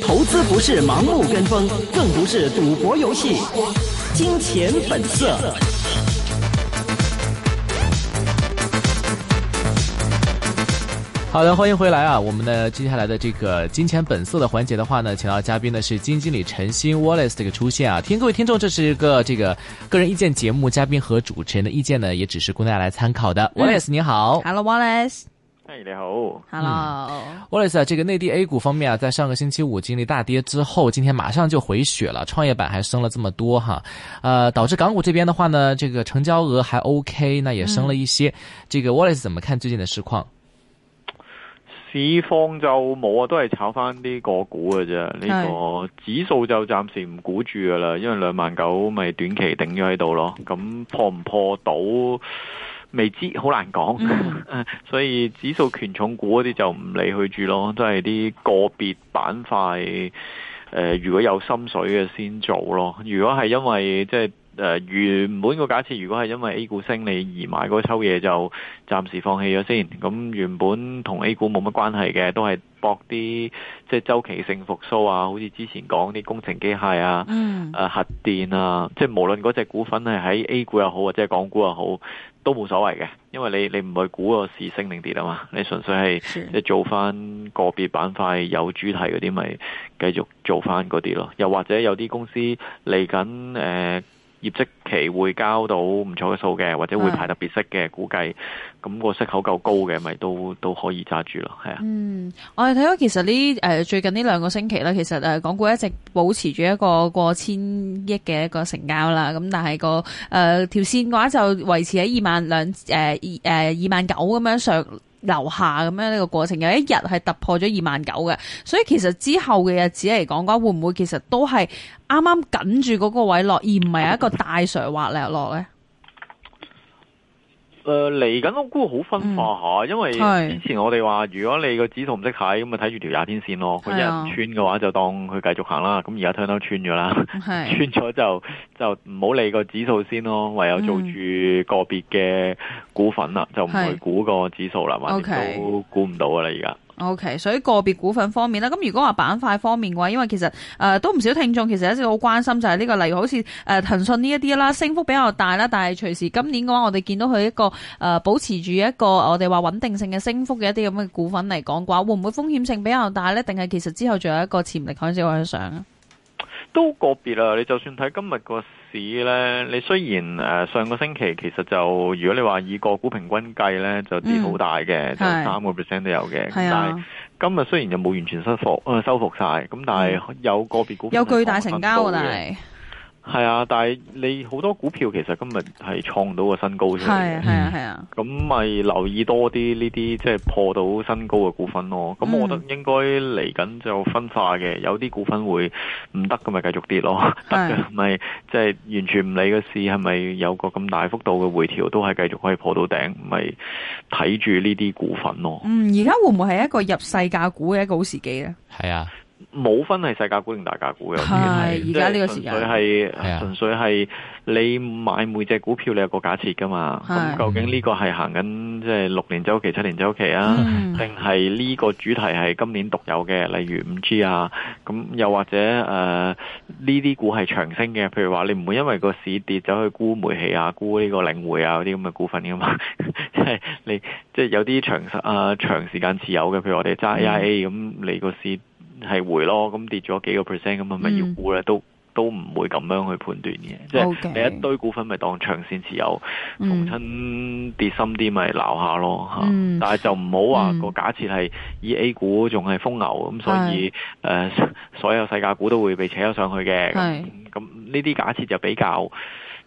投資不是盲目跟風，更不是賭博遊戲。金錢本色。好的，歡迎回來啊！我們的接下來的這個“金錢本色”的環節的話呢，請到嘉賓的是基金經理陳昕 Wallace 這個出現啊。聽各位聽眾，這是一個這個個人意見節目，嘉賓和主持人的意見呢，也只是供大家來參考的。Wallace，你好。Hello，Wallace。嗨，hey，你好，Hello，Wallace，、嗯啊、這個內地 A 股方面啊，在上個星期五經歷大跌之後，今天馬上就回血了，創業板還升了這麼多哈，呃，導致港股這邊的話呢，這個成交額還 OK，那也升了一些，嗯、這個 Wallace 怎麼看最近的市況？市況就冇啊，都係炒翻啲個股嘅啫，呢、這個指數就暫時唔估住噶啦，因為兩萬九咪短期頂咗喺度咯，咁破唔破到？未知好難講， 所以指數權重股嗰啲就唔理佢住咯，都係啲個別板塊。誒、呃，如果有心水嘅先做咯。如果係因為即係誒原本個假設，如果係因為 A 股升，你而買嗰抽嘢就暫時放棄咗先。咁原本同 A 股冇乜關係嘅，都係博啲即係周期性復蘇啊，好似之前講啲工程機械啊，啊，核電啊，即、就、係、是、無論嗰隻股份係喺 A 股又好或者係港股又好。都冇所謂嘅，因為你你唔去估個市升定跌啊嘛，你純粹係即係做翻個別板塊有主題嗰啲，咪繼續做翻嗰啲咯。又或者有啲公司嚟緊誒。呃業績期會交到唔錯嘅數嘅，或者會排特別息嘅，估計咁、個息口夠高嘅，咪都都可以揸住咯，係啊。嗯，我哋睇到其實呢誒、呃、最近呢兩個星期啦，其實誒港股一直保持住一個過千億嘅一個成交啦，咁但係、個誒條、呃、線嘅話就維持喺二萬兩誒誒二萬九咁樣上。樓下咁樣，呢個過程，有一日係突破咗二萬九嘅。所以其實之後嘅日子嚟講嘅話，會唔會其實都係啱啱緊住嗰個位落，而唔係一個大上滑，落落咧？誒嚟緊，呃、我估好分化下，嗯、因為之前我哋話，是如果你個指數唔識睇，咁咪睇住條廿天線咯。佢一、啊、穿嘅話，就當佢繼續行啦。咁而家聽到穿咗啦，穿咗就就唔好理個指數先咯，唯有做住個別嘅股份啦，嗯、就唔去估個指數啦，橫掂是都估唔到噶啦而家。O、okay, K，所以個別股份方面啦，咁如果話板塊方面嘅話，因為其實誒、呃、都唔少聽眾其實一直好關心就係、是、呢個，例如好似誒騰訊呢一啲啦，升幅比較大啦，但係隨時今年嘅話，我哋見到佢一個誒、呃、保持住一個我哋話穩定性嘅升幅嘅一啲咁嘅股份嚟講嘅話，會唔會風險性比較大咧？定係其實之後仲有一個潛力開始，可以再上啊？都個別啊，你就算睇今日個。市咧，你雖然誒上個星期其實就，如果你話以個股平均計咧，就跌好大嘅，嗯、就三個 percent 都有嘅。的但係今日雖然就冇完全收復、呃，收復曬，咁但係有個別股、嗯、有巨大成交喎，但係啊，但係你好多股票其實今日係創到個新高先，係啊係啊係啊。咁咪、啊啊、留意多啲呢啲即係破到新高嘅股份咯。咁我覺得應該嚟緊就分化嘅，有啲股份會唔得咁咪繼續跌咯。得嘅咪即係完全唔理個市係咪有個咁大幅度嘅回調，都係繼續可以破到頂，咪睇住呢啲股份咯。嗯，而家會唔會係一個入細價股嘅一個好時機咧？係啊。冇分係世界股定大家股嘅，係而家呢個時間純粹係純的粹係你買每隻股票，你有個假設噶嘛？咁的究竟呢個係行緊即係六年週期，七年週期啊？定係呢個主題係今年獨有嘅，例如五 G 啊？咁又或者誒呢啲股係長升嘅？譬如話你唔會因為個市跌走去沽煤氣啊、沽呢個領匯啊嗰啲咁嘅股份噶嘛？即、嗯、 你即係、就是、有啲長啊、呃、長時間持有嘅，譬如我哋揸 AIA 咁，你個市。係回咯，咁跌咗幾個 percent 咁啊？咪要估咧，都都唔會咁樣去判斷嘅。Okay, 即係你一堆股份咪當長線持有，逢親、嗯、跌深啲咪鬧下咯、嗯、但係就唔好話個假設係以 A 股仲係風牛咁，嗯、所以誒是、呃、所有世界股都會被扯咗上去嘅。咁呢啲假設就比較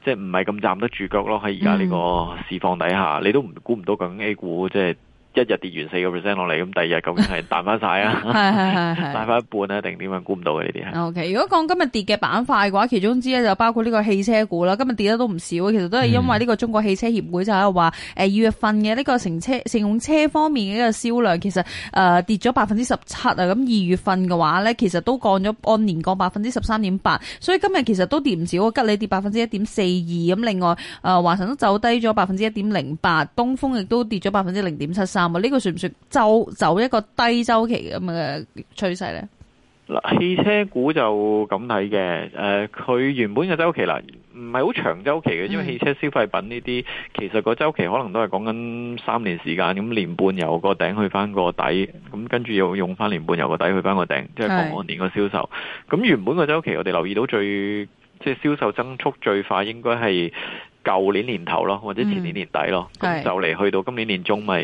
即係唔係咁站得住腳咯？喺而家呢個市況底下，嗯、你都估唔到究竟 A 股即係。一日跌完四個 percent 落嚟，咁第二日究竟係彈翻晒啊！係係係係，彈翻 一半咧，定點樣估唔到嘅呢啲係？OK，如果講今日跌嘅板塊嘅話，其中之一就包括呢個汽車股啦。今日跌得都唔少，其實都係因為呢個中國汽車協會就喺度話，誒二、嗯呃、月份嘅呢個乘車乘用車方面嘅一個銷量，其實誒、呃、跌咗百分之十七啊。咁二月份嘅話咧，其實都降咗按年降百分之十三點八，所以今日其實都跌唔少。吉利跌百分之一點四二，咁另外誒華晨都走低咗百分之一點零八，東風亦都跌咗百分之零點七呢個算唔算就走一個低周期咁嘅趨勢呢？嗱，汽車股就咁睇嘅。誒、呃，佢原本嘅周期嗱，唔係好長周期嘅，因為汽車消費品呢啲，其實個周期可能都係講緊三年時間。咁年半由個頂去翻個底，咁跟住又用翻年半由個底去翻個頂，即係講按年個銷售。咁是原本個周期，我哋留意到最即係銷售增速最快應該係舊年年頭咯，或者前年年底咯，咁、mm hmm，就嚟去到今年年中，咪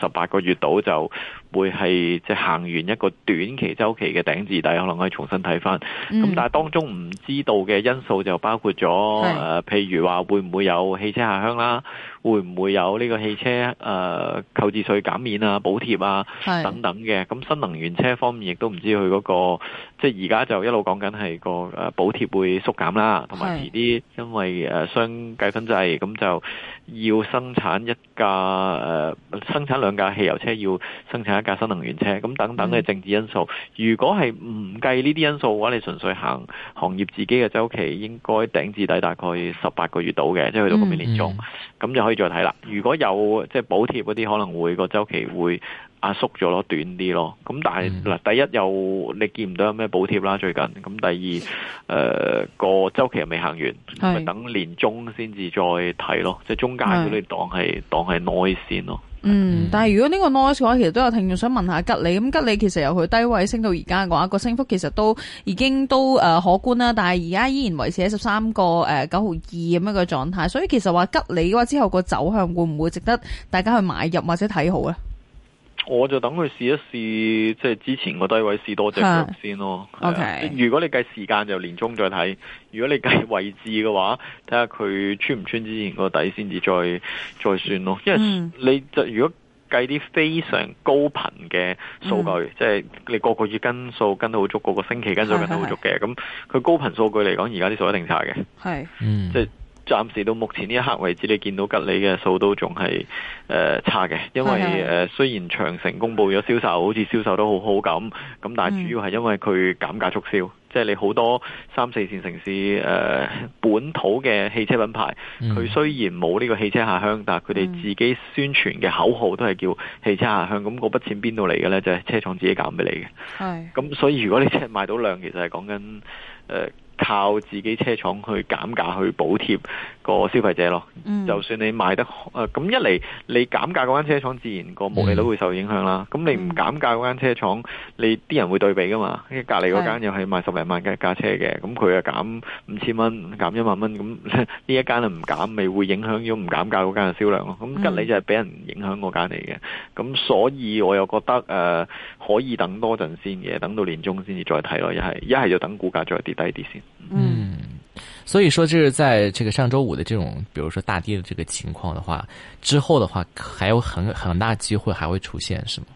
十八個月到就。會係即係行完一個短期週期嘅頂置底，可能可以重新睇翻。咁但係當中唔知道嘅因素就包括咗誒，譬如話會唔會有汽車下鄉啦，會唔會有呢個汽車誒購置稅減免啊、補貼啊等等嘅。咁新能源車方面亦都唔知佢嗰個即係而家就一路講緊係個誒補貼會縮減啦，同埋遲啲因為誒雙計分制，咁就要生產一架誒生產兩架汽油車要生產一。架新能源車咁等等嘅政治因素，嗯、如果係唔計呢啲因素嘅話，你純粹行行業自己嘅周期，應該頂至底大概十八個月到嘅，即係去到今年年中，咁右、嗯、就可以再睇啦。如果有即係補貼嗰啲，可能會個周期會壓縮咗咯，短啲咯。咁但係嗱，第一又你見唔到有咩補貼啦，最近，咁第二誒個周期又未行完，咪是等年中先至再睇咯，是即係中間嗰啲當係是當係內線咯。嗯，但係如果呢個 noise 嘅話，其實都有聽眾想問下吉利。咁吉利其實由佢低位升到而家嘅話，個升幅其實都已經都誒、呃、可觀啦。但係而家依然維持喺十三個誒九毫二咁樣嘅狀態，所以其實話吉利嘅話之後個走向會唔會值得大家去買入或者睇好咧？我就等佢試一試，即係之前個低位試多隻腳先咯。OK，如果你計時間就年中再睇，如果你計位置嘅話，睇下佢穿唔穿之前個底先至再再算咯。因為、嗯、你就如果計啲非常高頻嘅數據，嗯、即係你個個月跟數跟得好足，個個星期跟數跟得好足嘅，咁佢高頻數據嚟講，而家啲數一定差嘅。係嗯、即係。暫時到目前呢一刻為止，你見到吉利嘅數都仲係誒差嘅，因為誒 Okay. 雖然長城公布咗銷售，好似銷售都好好咁，咁但係主要係因為佢減價促銷，mm. 即係你好多三四線城市誒、呃、本土嘅汽車品牌，佢、mm. 雖然冇呢個汽車下鄉，但係佢哋自己宣傳嘅口號都係叫汽車下鄉，咁嗰筆錢邊度嚟嘅呢？就係、是、車廠自己減俾你嘅。係。咁所以如果你真係賣到量，其實係講緊誒。呃靠自己車廠去減價去補貼個消費者咯。就算你賣得誒，咁一嚟你減價嗰間車廠自然個毛利都會受影響啦。咁你唔減價嗰間車廠，你啲人會對比噶嘛？因為隔離嗰間又係賣十零萬嘅架車嘅，咁佢啊減五千蚊、減一萬蚊，咁呢一間啊唔減，咪會影響咗唔減價嗰間嘅銷量咯。咁隔離就係俾人影響嗰間嚟嘅。咁所以我又覺得誒。可以等多陣先嘅，等到年終先至再睇咯，一係一係就等股價再跌低啲先。嗯，所以說，這是在這個上周五的這種，比如說大跌的這個情況的話，之後的話，還有很很大機會還會出現，是嗎？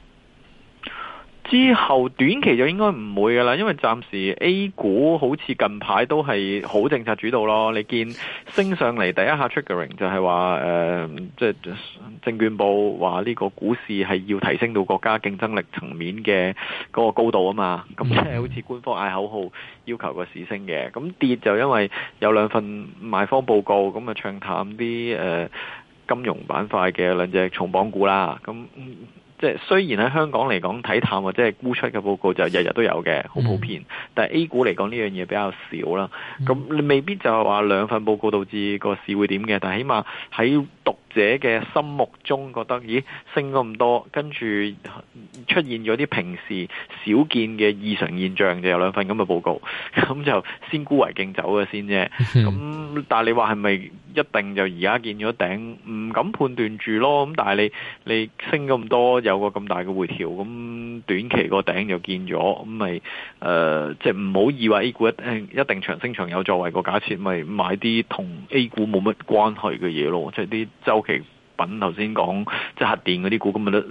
之後短期，就應該唔會噶啦，因為暫時 A 股好似近排都係好政策主導咯。你見升上嚟第一下 triggering 就係話誒，即、呃、係、就是、證券部話呢個股市係要提升到國家競爭力層面嘅嗰個高度啊嘛。咁即係好似官方嗌口號要求個市升嘅。咁跌就因為有兩份賣方報告，咁啊唱淡啲誒金融板塊嘅兩隻重磅股啦。咁即係雖然喺香港嚟講睇淡或者係沽出嘅報告就日日都有嘅，好普遍。嗯、但係 A 股嚟講呢樣嘢比較少啦。咁你未必就話兩份報告導致個市會點嘅，但係起碼喺讀者嘅心目中覺得，咦，升咁多，跟住出現咗啲平時少見嘅異常現象，就有兩份咁嘅報告，咁就先沽為敬走嘅先啫。咁、嗯、但係你話係咪一定就而家見咗頂唔敢判斷住咯。咁但係你你升咁多，有個咁大嘅回調，咁短期個頂就見咗，咁咪誒即係唔好以為 A 股一定，一定長升長有作為、個假設咪買啲同 A 股冇乜關係嘅嘢咯，即係啲周。品頭先講即係核電嗰啲股，咁咪都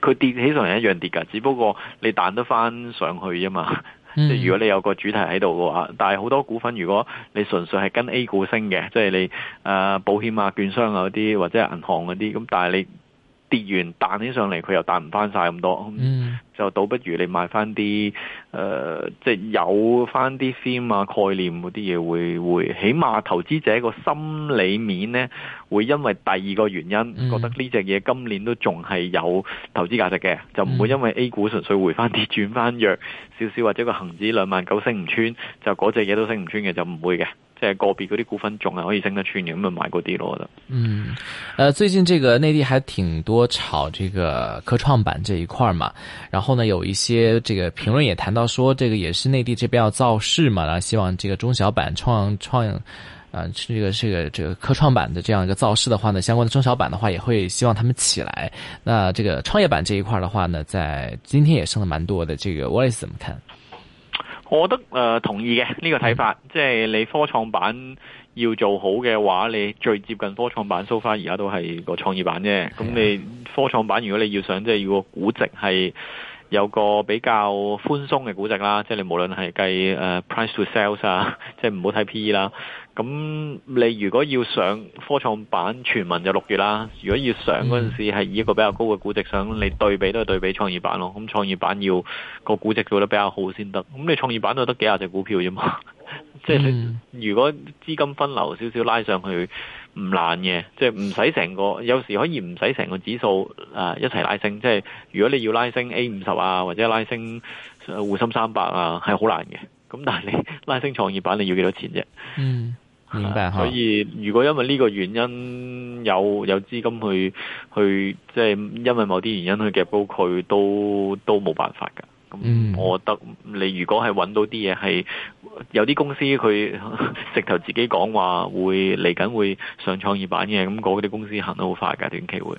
佢跌起上嚟一樣跌㗎，只不過你彈得返上去啫嘛。即係、嗯、如果你有個主題喺度嘅話，但係好多股份如果你純粹係跟 A 股升嘅，即係你誒、呃、保險啊、券商啊嗰啲，或者係銀行嗰啲，咁但係你。跌完彈起上嚟，佢又彈唔翻曬咁多、嗯嗯，就倒不如你買翻啲誒，即、呃、係、就是、有翻啲 theme 啊概念嗰啲嘢，會會起碼投資者個心裏面呢，會因為第二個原因、嗯、覺得呢隻嘢今年都仲係有投資價值嘅，嗯、就唔會因為 A 股純粹回翻跌轉翻弱少少，或者個恒指兩萬九升唔穿，就嗰隻嘢都升唔穿嘅，就唔會嘅。即係個別嗰啲股份仲係可以升得穿，你咁冇買過啲咯？嗯，誒、呃、最近這個內地還挺多炒這個科創板這一塊嘛，然後呢有一些這個評論也談到，說這個也是內地這邊要造勢嘛，然後希望這個中小板創、創創，嗯、呃，這個這個這個科創板的這樣一個造勢的話呢，相關的中小板的話也會希望他們起來。那這個創業板這一塊的話呢，在今天也升了滿多的，這個我 a l 怎麼看？我覺得誒同意嘅呢、這個睇法，即係你科創板要做好嘅話，你最接近科創板 so far 而家都係個創業板啫。咁的你科創板如果你要想，即係要個估值係有個比較寬鬆嘅估值啦，即係你無論係計 price to sales 啊，即係唔好睇 PE 啦。咁你如果要上科創板，全民就六月啦。如果要上嗰陣時，係以一個比較高嘅估值上，你對比都係對比創業板咯。咁創業板要個估值做得比較好先得。咁你創業板都得幾廿隻股票啫嘛。即 係你如果資金分流少少拉上去唔難嘅，即係唔使成個，有時可以唔使成個指數啊、呃、一齊拉升。即係如果你要拉升 A 五十啊，或者拉升滬深三百啊，係好難嘅。咁但係你拉升創業板，你要幾多錢啫？嗯。 所以如果因為呢個原因，有有資金去去即係因為某啲原因去夾高佢，都都冇辦法噶。咁、嗯、我覺得你如果係揾到啲嘢，係有啲公司佢直頭自己講話會嚟緊會上創業板嘅，咁嗰啲公司行得好快噶，短期會。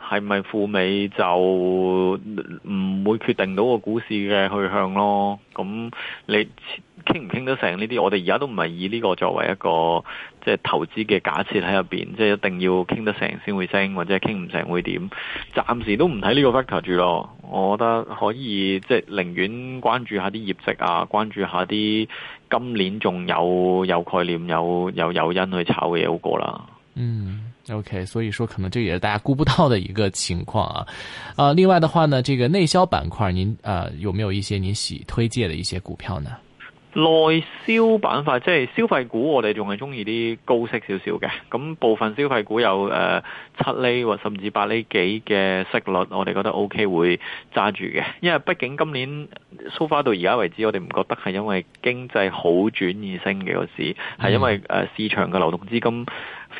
係咪赴美就唔會決定到個股市嘅去向咯？咁你傾唔傾得成呢啲？我哋而家都唔係以呢個作為一個即係投資嘅假設喺入邊，即係一定要傾得成先會升，或者傾唔成會點？暫時都唔睇呢個 factor 住咯。我覺得可以即係寧願關注下啲業績啊，關注下啲今年仲有有概念、有有誘因去炒嘅嘢好過啦。嗯。O.K.，所以說可能這也是大家估不到的一個情況啊。啊、呃，另外的話呢，這個內銷板塊，您啊、呃、有沒有一些您喜、推介的一些股票呢？內銷板塊即係消費股，我哋仲係中意啲高息少少嘅。咁部分消費股有誒七呃、厘或甚至八厘幾嘅息率，我哋覺得 O.K. 會揸住嘅。因為畢竟今年 so far 到而家為止，我哋唔覺得係因為經濟好轉而升嘅個市，係、嗯、因為誒、呃、市場嘅流動資金，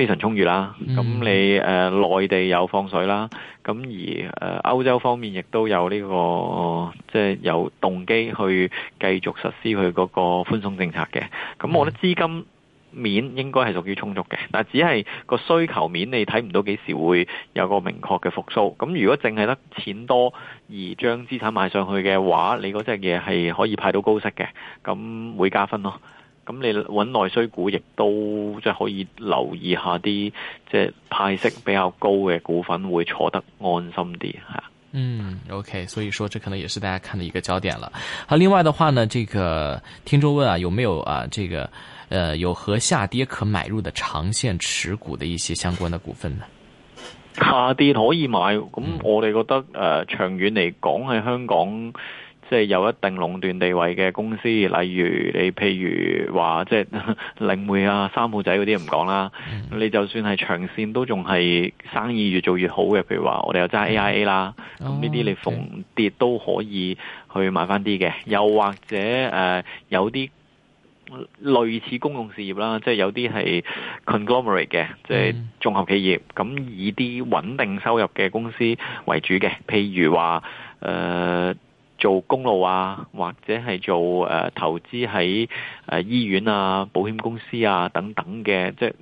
非常充裕啦，咁你誒內地有放水啦，咁而誒歐洲方面亦都有呢個，即係有動機去繼續實施佢嗰個寬鬆政策嘅。咁我覺得資金面應該係屬於充足嘅，但只係個需求面，你睇唔到幾時會有個明確嘅復甦。咁如果淨係得錢多而將資產賣上去嘅話，你嗰隻嘢係可以派到高息嘅，咁會加分咯。咁你揾內需股，亦都即係可以留意下啲即係派息比較高嘅股份，會坐得安心啲吓。嗯，OK，所以說，這可能也是大家看的一個焦點了。好，另外的話呢，這個聽眾問啊，有沒有啊，這個，呃，有和下跌可買入的長線持股的一些相關的股份呢？下跌可以買，咁我哋覺得誒、嗯呃，長遠嚟講喺香港。即係有一定壟斷地位嘅公司，例如你譬如話，即係領匯啊、三號仔嗰啲唔講啦。Mm hmm. 你就算係長線都仲係生意越做越好嘅。譬如話、mm，我哋有揸 AIA 啦，咁呢啲你逢跌都可以去買翻啲嘅。Okay. 又或者誒、呃，有啲類似公共事業啦，即係有啲係 conglomerate 嘅，即係、mm hmm. 綜合企業，咁以啲穩定收入嘅公司為主嘅。譬如話，誒、呃。做公路啊，或者係做誒、呃、投資喺誒醫院啊、保險公司啊等等嘅，即係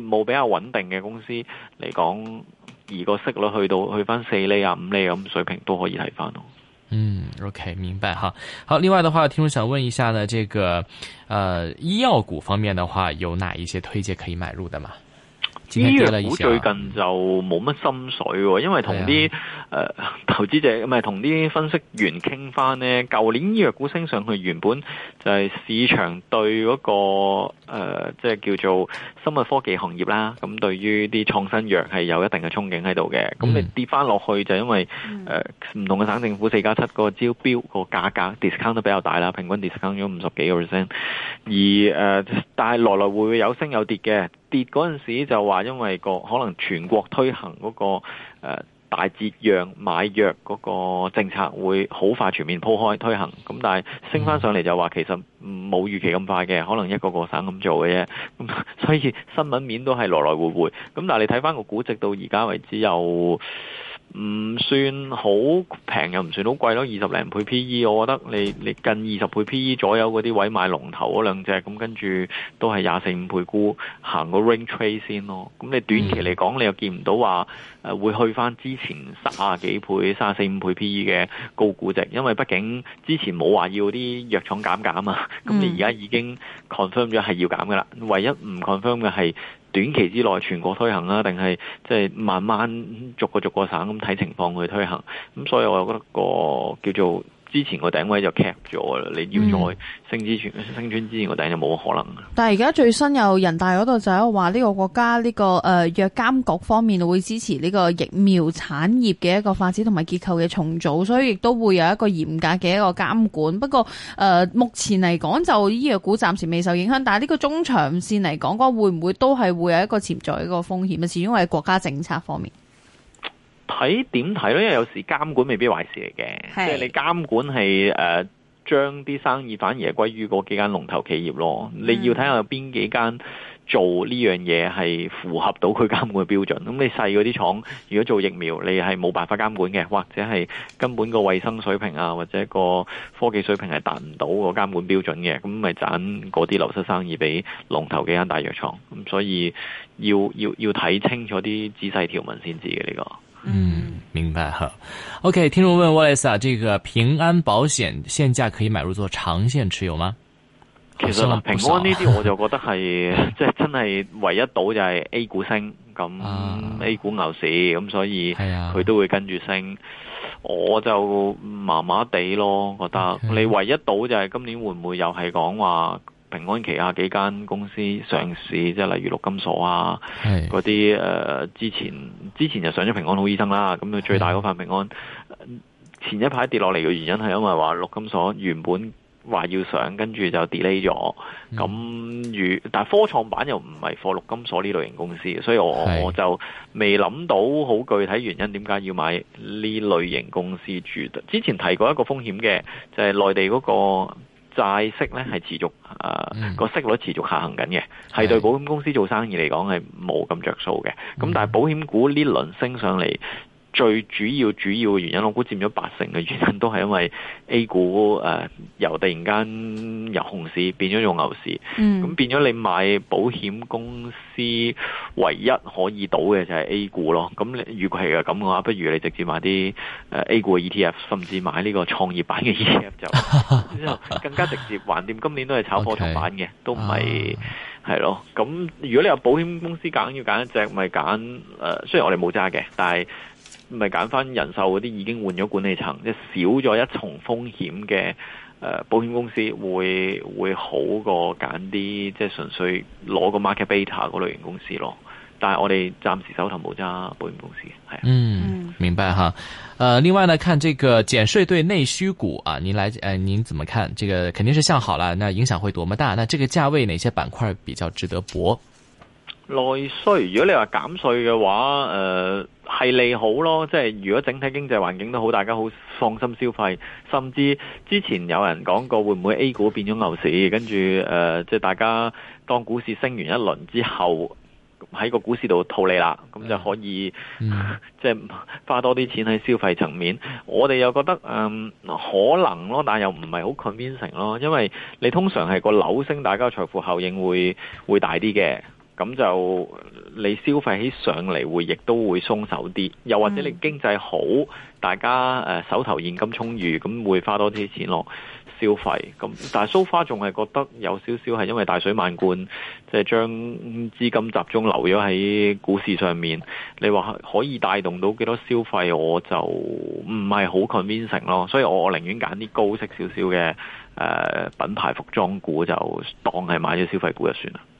業務比較穩定嘅公司嚟講，而個息率去到去翻四厘啊、五厘咁水平都可以睇翻咯。嗯，OK，明白吓。好，另外的話，我聽眾想問一下呢，這個誒、呃、醫藥股方面的話，有哪一些推介可以買入的嘛？醫藥股最近就冇乜心水啊，因為同啲誒投資者唔係同啲分析員傾翻咧。舊年醫藥股升上去，原本就係市場對嗰、嗰個誒即係叫做生物科技行業啦。咁對於啲創新藥係有一定嘅憧憬喺度嘅。咁、嗯、你跌翻落去就因為誒唔、嗯呃、同嘅省政府四加七個招標個價格 discount 都比較大啦，平均 discount 咗五十幾個 percent。而誒、呃，但係來來會有升有跌嘅。跌嗰陣時就話因為個可能全國推行嗰個大節藥買藥嗰個政策會好快全面鋪開推行，咁但係升翻上嚟就話其實冇預期咁快嘅，可能一個個省咁做嘅啫，所以新聞面都係來來回回。咁但係你睇翻個估值到而家為止又唔算好平又唔算好貴咯，二十零倍 P E，我覺得你你近二十倍 P E 左右嗰啲位買龍頭嗰兩隻，咁跟住都係廿四五倍估，行個 range trade 先咯。咁你短期嚟講，你又見唔到話誒會去翻之前卅幾倍、卅四五倍 P E 嘅高估值，因為畢竟之前冇話要啲藥廠減價啊嘛。咁你而家已經 confirm 咗係要減噶啦，唯一唔 confirm 嘅係。短期之內，全國推行啊定係即係慢慢逐個逐個省咁睇情況去推行。咁所以我又覺得個叫做。之前個頂位就 cap 咗啦，你要再升，嗯、升之前升穿之前個頂位就冇可能。但係而家最新有人大嗰度就係話呢個國家呢、呢個誒、呃、藥監局方面會支持呢個疫苗產業嘅一個發展同埋結構嘅重組，所以亦都會有一個嚴格嘅一個監管。不過誒、呃，目前嚟講就醫藥股暫時未受影響，但係呢個中長線嚟講，嗰會唔會都係會有一個潛在一個風險啊？始終係國家政策方面。睇點睇呢？因為有時監管未必壞事嚟嘅，是即係你監管係誒，將、呃、啲生意反而歸於嗰幾間龍頭企業咯。嗯、你要睇下有邊幾間做呢樣嘢係符合到佢監管嘅標準。咁你細嗰啲廠，如果做疫苗，你係冇辦法監管嘅，或者係根本個衛生水平啊，或者個科技水平係達唔到個監管標準嘅，咁咪賺嗰啲流失生意俾龍頭幾間大藥廠。咁所以要要要睇清楚啲仔細條文先知嘅呢、個。嗯，明白哈。OK，聽眾問 Wallace 啊，這個平安保險現價可以買入做長線持有嗎？其實平安呢啲我就覺得係即係真係唯一賭就係 A 股升，咁 A 股牛市咁，啊、所以佢都會跟住升。哎、呀我就麻麻地咯，覺得 okay. 你唯一賭就係今年會唔會又係講話。平安旗下，幾間公司上市，即係例如陸金所啊，嗰啲是、呃、之前之前就上咗平安好醫生啦。咁佢最大嗰塊平安是前一排跌落嚟嘅原因係因為話陸金所原本話要上，跟住就 delay 咗。咁、嗯、如但係科創板又唔係貨陸金所呢類型公司，所以我是我就未諗到好具體原因點解要買呢類型公司住。之前提過一個風險嘅，就係、是、內地嗰、那個。債息咧，係持續誒個、呃、息率持續下行緊嘅，係、嗯、對保險公司做生意嚟講係冇咁着數嘅。咁、嗯、但係保險股呢輪升上嚟。最主要主要嘅原因，我估佔咗八成嘅原因都係因為 A 股，誒、呃、由突然間由熊市變咗用牛市，咁、嗯、變咗你買保險公司唯一可以賭嘅就係 A 股咯。咁如果係嘅咁嘅話，不如你直接買啲、呃、A 股嘅 ETF，甚至買呢個創業板嘅 ETF 就 更加直接。橫掂今年都係炒貨同板嘅，Okay. 都唔係係咯。咁如果你有保險公司揀，要揀一隻，咪揀誒。雖然我哋冇揸嘅，但係。唔係揀翻人壽嗰啲已經換咗管理層，即係少咗一重風險嘅誒，保險公司會會好過揀啲即係純粹攞個 market beta 嗰類型公司咯。但係我哋暫時手頭冇揸保險公司係啊。嗯，明白吓。誒、呃，另外呢，看這個減稅對內需股啊，您來誒、呃，您怎麼看？這個肯定是向好了，那影響會多麼大？那這個價位，哪些板塊比較值得博？內需，如果你話減稅嘅話，誒、呃、係利好咯。即係如果整體經濟環境都好，大家好放心消費，甚至之前有人講過會唔會 A 股變咗牛市，跟住誒即係大家當股市升完一輪之後喺個股市度套利啦，咁就可以、嗯啊、即係花多啲錢喺消費層面。我哋又覺得嗯、呃、可能咯，但係又唔係好 convincing 咯，因為你通常係個樓升，大家的財富效應會會大啲嘅。咁就你消費起上嚟，會亦都會鬆手啲。又或者你經濟好，嗯、大家手頭現金充裕，咁會花多啲錢咯消費。咁但係 so far 仲係覺得有少少係因為大水漫灌，即、就、係、是、將資金集中留咗喺股市上面。你話可以帶動到幾多消費，我就唔係好 convince 咯。所以我我寧願揀啲高息少少嘅誒、呃、品牌服裝股，就當係買咗消費股就算啦。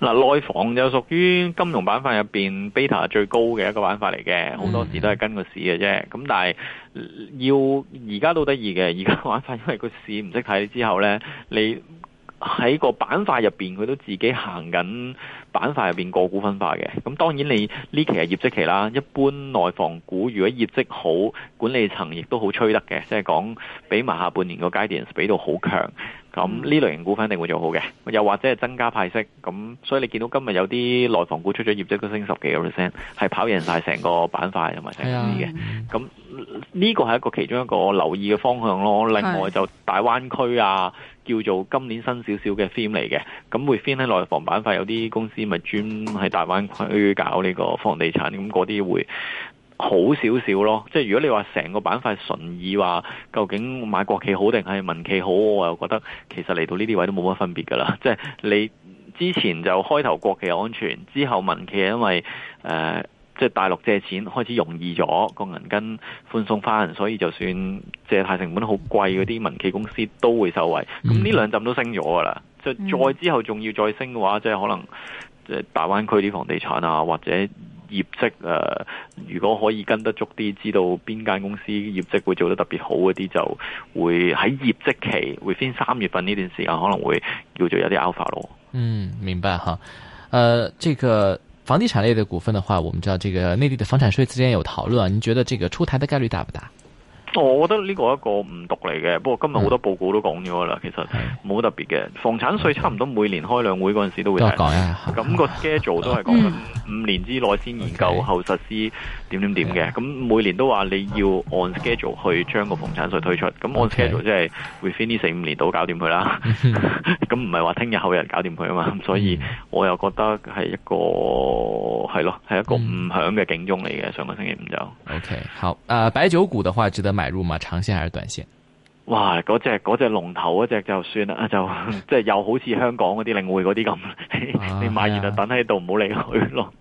嗱，內房就屬於金融板塊入邊 beta 最高嘅一個玩法嚟嘅，好多時都係跟個市嘅啫。咁、嗯、但係要而家都得意嘅，而家玩法因為個市唔識睇之後呢，你喺個板塊入邊，佢都自己行緊，板塊入邊個股分化嘅。咁當然你呢期係業績期啦，一般內房股如果業績好，管理層亦都好吹得嘅，即係講比埋下半年個 guidance 比到好強。咁呢、嗯、類型股，股一定會做好嘅，又或者係增加派息，咁所以你見到今日有啲內房股出咗業績都升十幾個 percent，係跑贏晒成個板塊同埋成啲嘅。咁呢、嗯這個係一個其中一個留意嘅方向咯。另外就大灣區啊，叫做今年新少少嘅 theme 嚟嘅，咁會 fit 喺內房板塊有啲公司，咪專喺大灣區搞呢個房地產，咁嗰啲會。好少少咯，即係如果你話成個板塊，純意話究竟買國企好定係民企好，我又覺得其實嚟到呢啲位都冇乜分別噶啦。即係你之前就開頭國企安全，之後民企因為誒即係大陸借錢開始容易咗，個銀根寬鬆翻，所以就算借貸成本好貴嗰啲民企公司都會受惠。咁呢兩浸都升咗噶啦，就再之後仲要再升嘅話，即係可能即係大灣區啲房地產啊或者。業績誒，如果可以跟得足啲，知道邊間公司業績會做得特別好嗰啲，就會喺業績期，會先三月份呢段時間，可能會叫做有啲 alpha 咯。嗯，明白哈。誒、呃，這個房地產類的股份的話，我們知道這個內地的房產稅之間有討論，你覺得這個出台的概率大不大？我覺得呢個一個誤讀嚟嘅，不過今日好多報告都講咗啦，嗯、其實冇特別嘅。房產稅差唔多每年開兩會嗰陣時都會睇，咁個 schedule 都係講緊五年之內先研究、嗯 okay. 後實施。點點點嘅，咁每年都話你要按 schedule 去將個房產稅推出，咁按 Okay. schedule 即係會 within 四五年到搞掂佢啦，咁唔係話聽日後日搞掂佢啊嘛，所以我又覺得係一個係咯，係、嗯、一個唔響嘅警鐘嚟嘅上個星期五就。OK，好，啊、呃、白酒股的話值得買入嗎？長線還是短線？哇，嗰隻嗰隻龍頭嗰隻就算啦，就即係又好似香港嗰啲領匯嗰啲咁。你買完就等喺度，唔好理佢咯。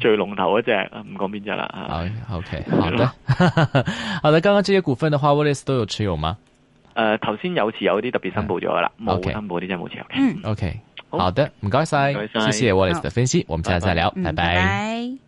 最龍頭嗰隻，唔講邊隻啦。好，OK，好的。好啦，剛剛這些股份的話，Wallace 都有持有嗎？誒，頭先有持有啲，特別申報咗噶啦，冇申報啲真係冇持有。嗯，OK，好的，唔該晒，謝謝 Wallace 嘅分析，我們下次再聊，拜拜。